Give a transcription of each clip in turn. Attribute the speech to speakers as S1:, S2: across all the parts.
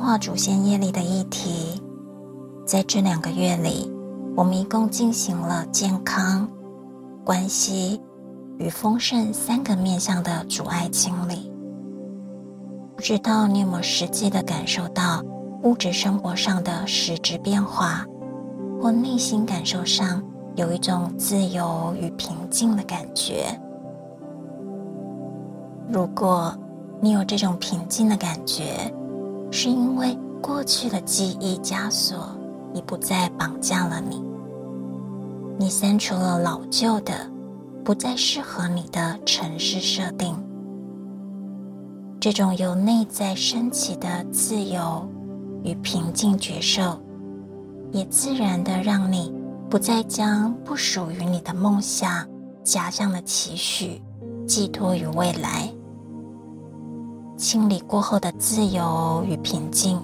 S1: 化祖先業力的議題，在這兩個月裡，我們一共進行了健康、關係與豐盛三個面向的阻礙清理。不知道你有沒有實際的感受到物質生活上的實質變化，或內心感受上有一種自由與平靜的感覺？如果你有這種平靜的感覺，是因為過去的記憶枷鎖已不再綁架了你，你刪除了老舊的、不再適合你的程式設定。這種由內在升起的自由與平靜覺受，也自然的讓你不再將不屬於你的夢想、假象的期許寄托於未來。清理過後的自由與平靜，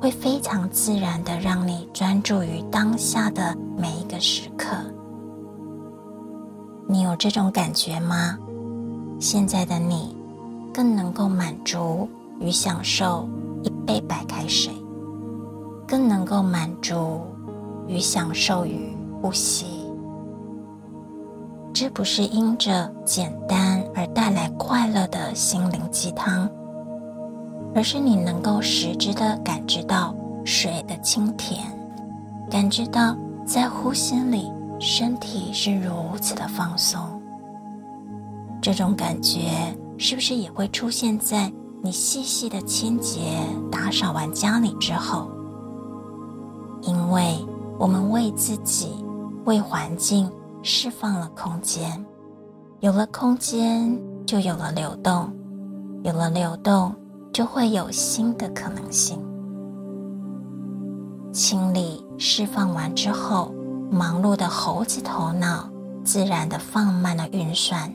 S1: 會非常自然地讓你專注於當下的每一個時刻。你有這種感覺嗎？現在的你，更能夠滿足與享受一杯白開水，更能夠滿足與享受與呼吸。這不是因着簡單而帶來快樂的心靈雞湯。而是你能夠實質的感知到水的清甜，感知到在呼吸裡身體是如此的放鬆。這種感覺是不是也會出現在你細細的清潔打掃完家裡之後？因為我們為自己、為環境釋放了空間，有了空間，就有了流動，有了流動。就會有新的可能性。清理、釋放完之後，忙碌的猴子頭腦自然地放慢了運算，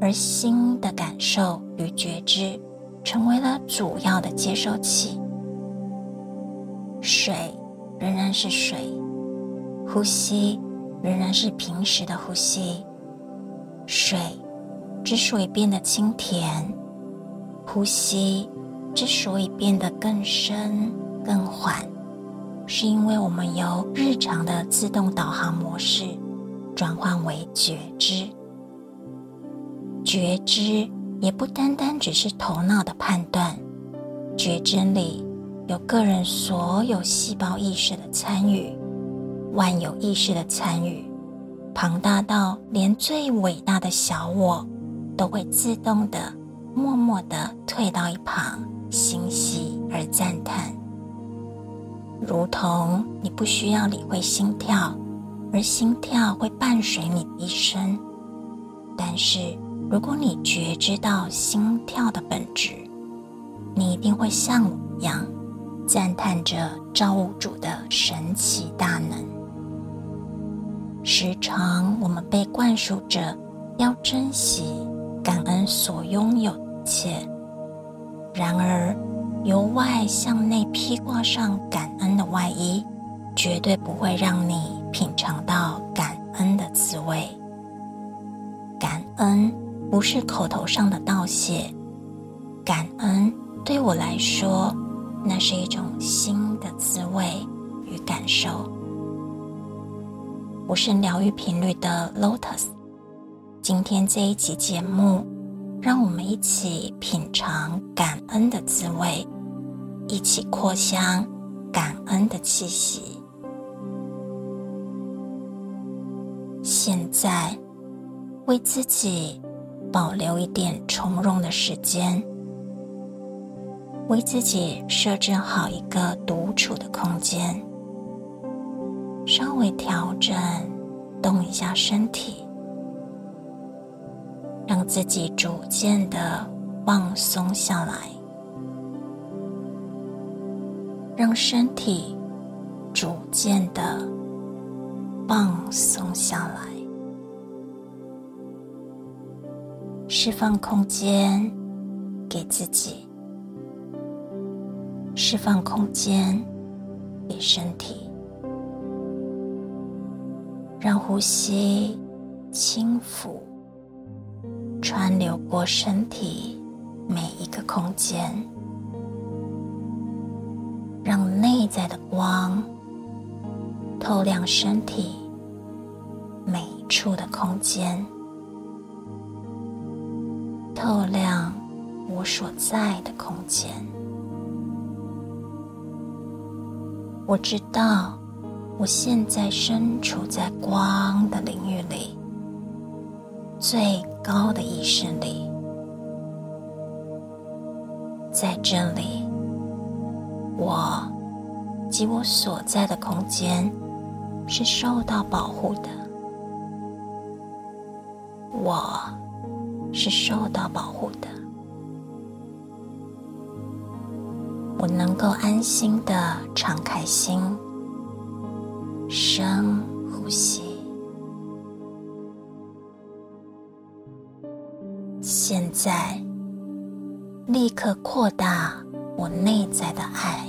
S1: 而心的感受與覺知成為了主要的接收器。水仍然是水，呼吸仍然是平時的呼吸。水之所以變得清甜，呼吸之所以變得更深、更緩，是因為我們由日常的自動導航模式轉換為覺知。覺知也不單單只是頭腦的判斷，覺知裡有個人所有細胞意識的參與，萬有意識的參與，龐大到連最偉大的小我都會自動的。默默的退到一旁，欣喜而讚嘆，如同你不需要理會心跳，而心跳會伴隨你一生。但是，如果你覺知到心跳的本質，你一定會像我一樣，讚嘆着造物主的神奇大能。時常我們被灌輸着要珍惜、感恩所擁有的。且，然而，由外向內披掛上感恩的外衣，絕對不會讓你品嚐到感恩的滋味。感恩不是口頭上的道謝，感恩對我來說，那是一種心的滋味與感受。我是療癒頻率的 Lotus，今天這一集節目。讓我們一起品嘗感恩的滋味，一起擴香感恩的氣息。現在，為自己保留一點從容的時間，為自己設置好一個獨處的空間，稍微調整，動一下身體。讓自己逐漸的放鬆下來，讓身體逐漸的放鬆下來，釋放空間給自己，釋放空間給身體，讓呼吸輕浮。穿流過身體每一個空間，讓內在的光透亮身體每一處的空間，透亮我所在的空間。我知道，我現在身處在光的領域裡。最高的意識裡，在這裡，我及我所在的空間是受到保護的，我是受到保護的，我能夠安心地敞開心，深呼吸。現在，立刻擴大我內在的愛。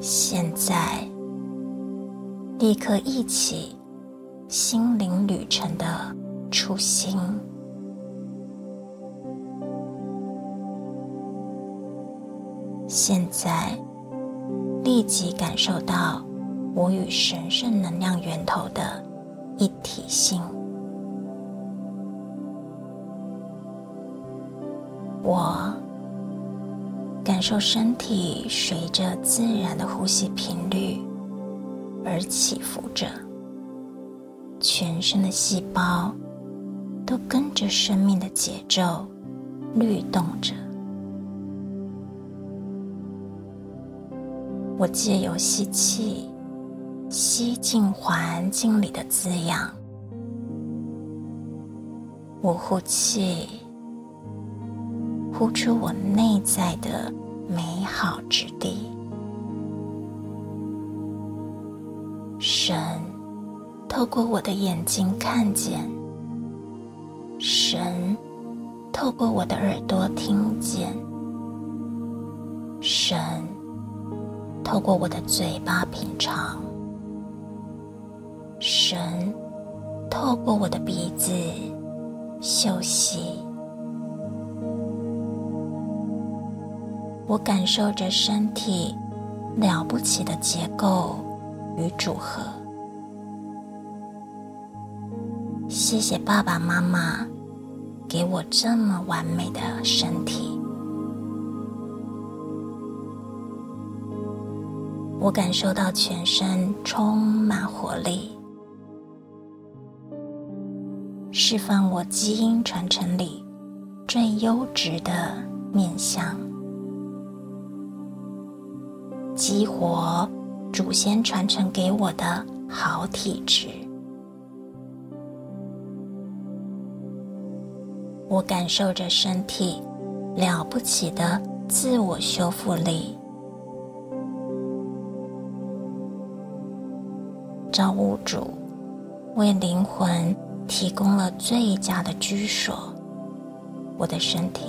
S1: 現在，立刻一起心靈旅程的初心。現在，立即感受到我與神聖能量源頭的一體性。我感受身體隨着自然的呼吸頻率而起伏着，全身的細胞都跟着生命的節奏律動着。我借由吸氣吸進環境裡的滋養，我呼氣。呼出我內在的美好之地神。神透過我的眼睛看見神，神透過我的耳朵聽見神，神透過我的嘴巴品嘗神，神透過我的鼻子休息。我感受着身體了不起的結構與組合，謝謝爸爸媽媽給我這麼完美的身體。我感受到全身充滿活力，釋放我基因傳承裡最優質的面向。激活祖先傳承給我的好體質。我感受着身體了不起的自我修復力。造物主為靈魂提供了最佳的居所，我的身體，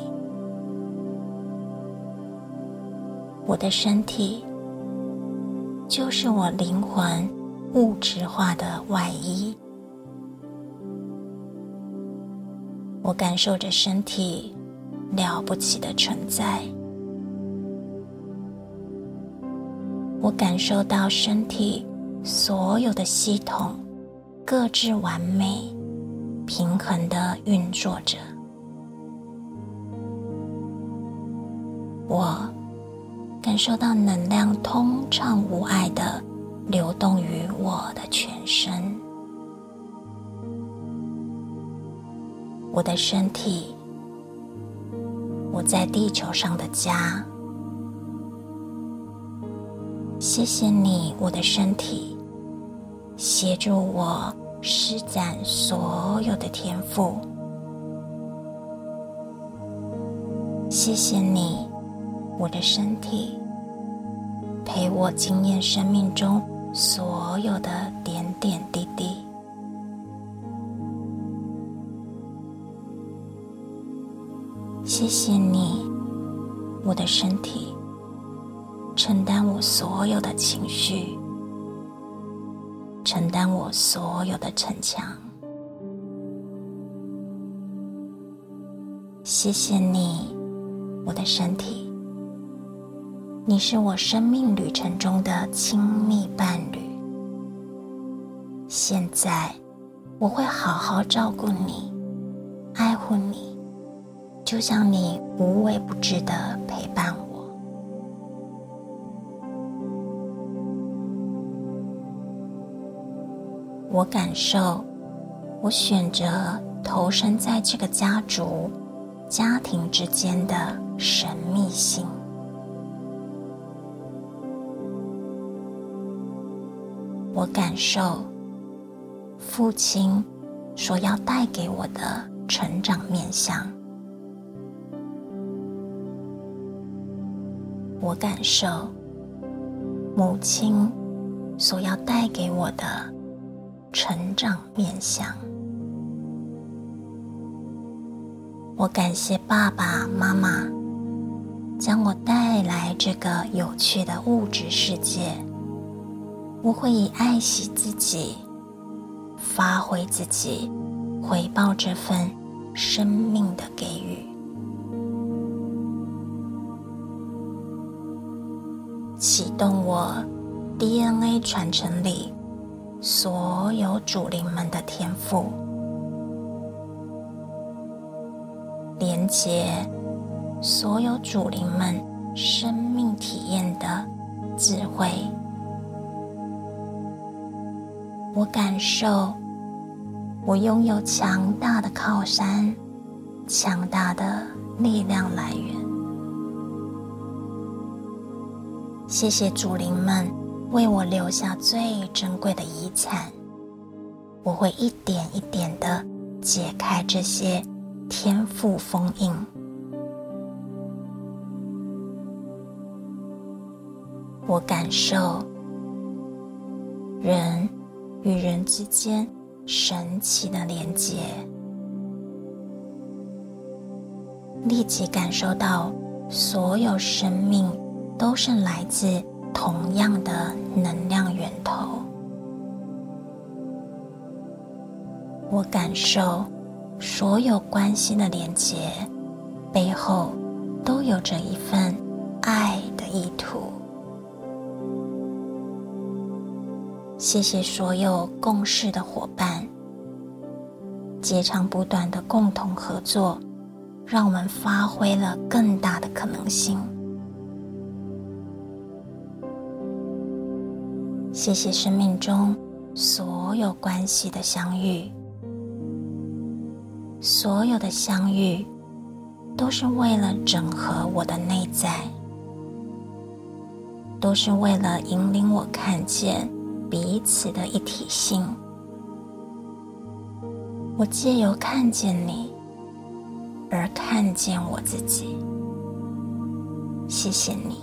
S1: 我的身體。就是我靈魂物質化的外衣。我感受着身體了不起的存在。我感受到身體所有的系統各自完美、平衡的運作着。我。感受到能量通暢無礙的流動於我的全身，我的身體，我在地球上的家。謝謝你，我的身體，協助我施展所有的天賦。謝謝你，我的身體。陪我經驗生命中所有的點點滴滴，謝謝你，我的身體，承擔我所有的情緒，承擔我所有的逞強，謝謝你，我的身體。你是我生命旅程中的親密伴侶。現在，我會好好照顧你，愛護你，就像你無微不至的陪伴我。我感受，我選擇投身在這個家族、家庭之間的神秘性。我感受父親所要帶給我的成長面向，我感受母親所要帶給我的成長面向。我感謝爸爸媽媽將我帶來這個有趣的物質世界。我會以愛惜自己，發揮自己，回報這份生命的給予，啟動我 DNA 傳承裡所有祖靈們的天賦，連接所有祖靈們生命體驗的智慧。我感受，我擁有強大的靠山，強大的力量來源。謝謝祖靈們為我留下最珍貴的遺產，我會一點一點的解開這些天賦封印。我感受，人與人之間神奇的連接，立即感受到所有生命都是來自同樣的能量源頭。我感受所有關係的連接背後都有着一份愛的意圖。謝謝所有共事的夥伴，截長補短的共同合作，讓我們發揮了更大的可能性。謝謝生命中所有關係的相遇，所有的相遇都是為了整合我的內在，都是為了引領我看見彼此的一體性，我借由看見你而看見我自己。謝謝你，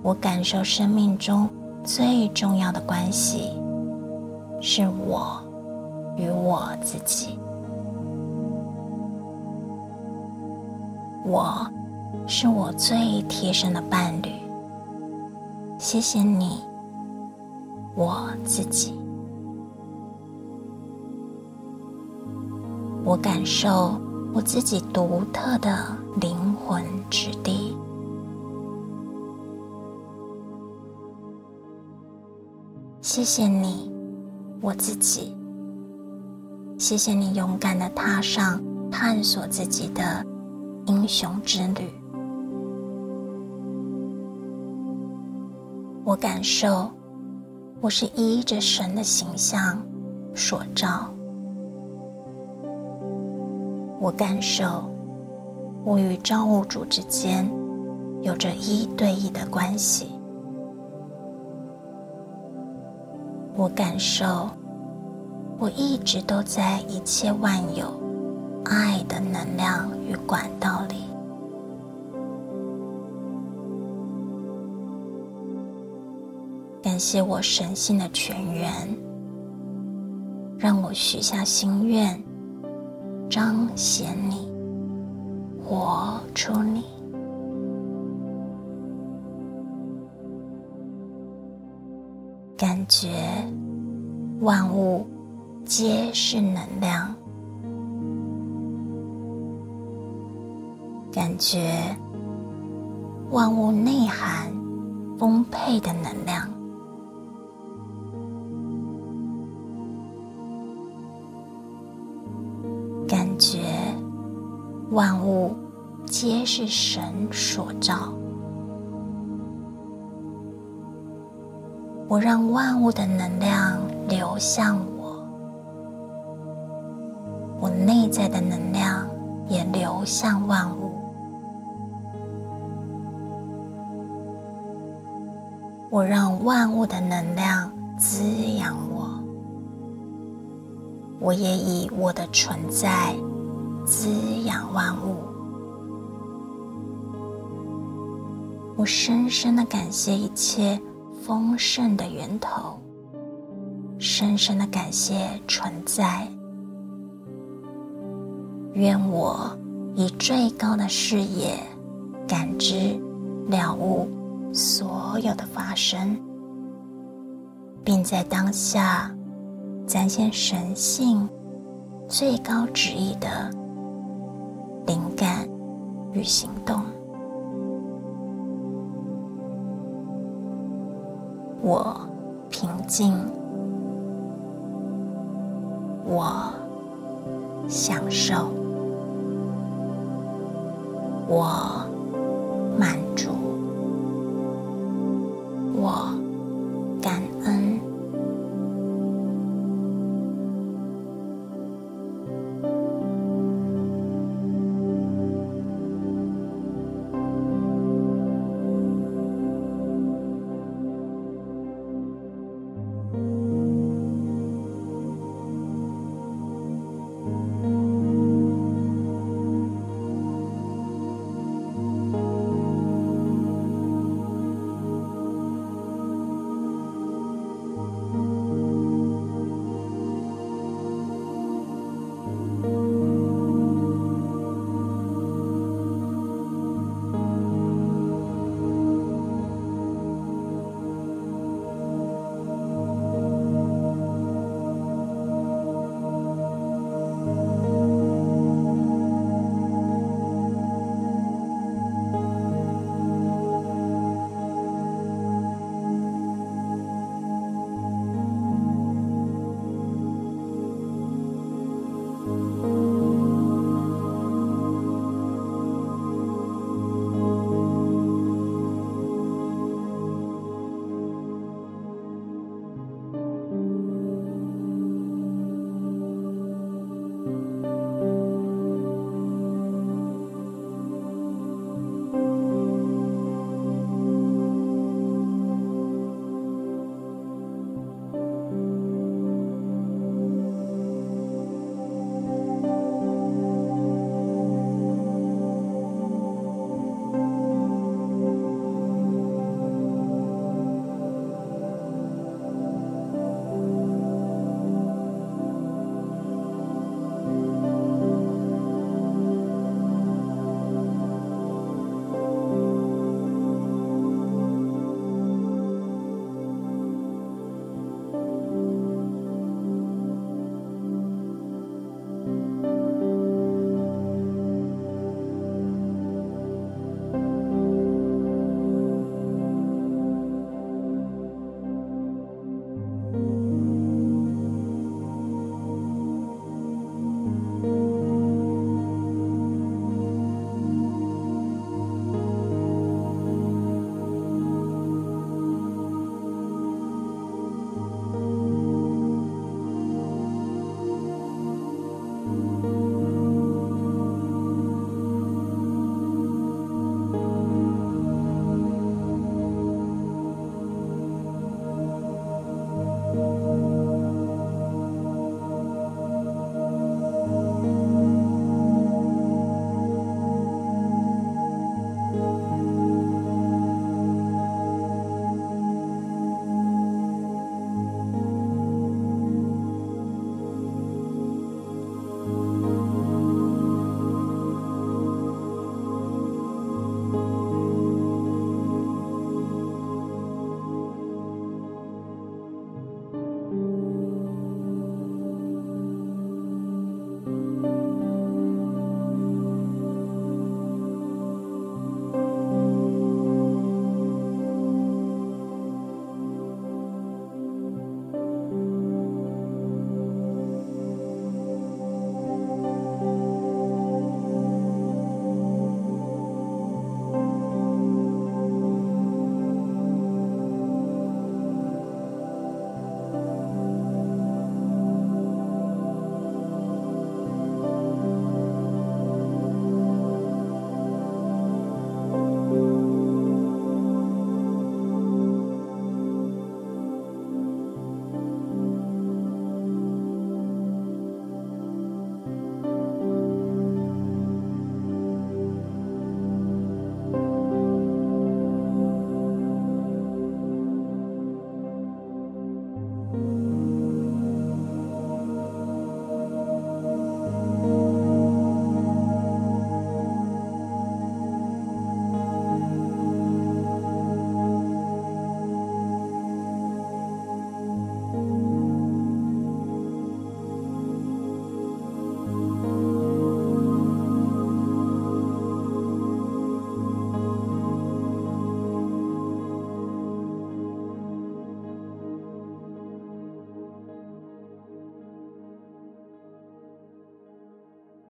S1: 我感受生命中最重要的關係是我與我自己，我是我最貼身的伴侶。謝謝你，我自己。我感受我自己獨特的靈魂之地。謝謝你，我自己。謝謝你勇敢的踏上探索自己的英雄之旅。我感受，我是依着神的形象所造。我感受，我與造物主之間有着一對一的關係。我感受，我一直都在一切萬有愛的能量與管道裡。謝我神性的泉源，讓我許下心願，彰顯你，活出你。感覺萬物皆是能量，感覺萬物內涵豐沛的能量。皆是神所造。我讓萬物的能量流向我，我內在的能量也流向萬物。我讓萬物的能量滋養我，我也以我的存在滋養萬物。我深深的感謝一切豐盛的源頭，深深的感謝存在。願我以最高的視野感知、了悟所有的發生，並在當下展現神性最高旨意的靈感與行動。我平靜，我享受，我滿足。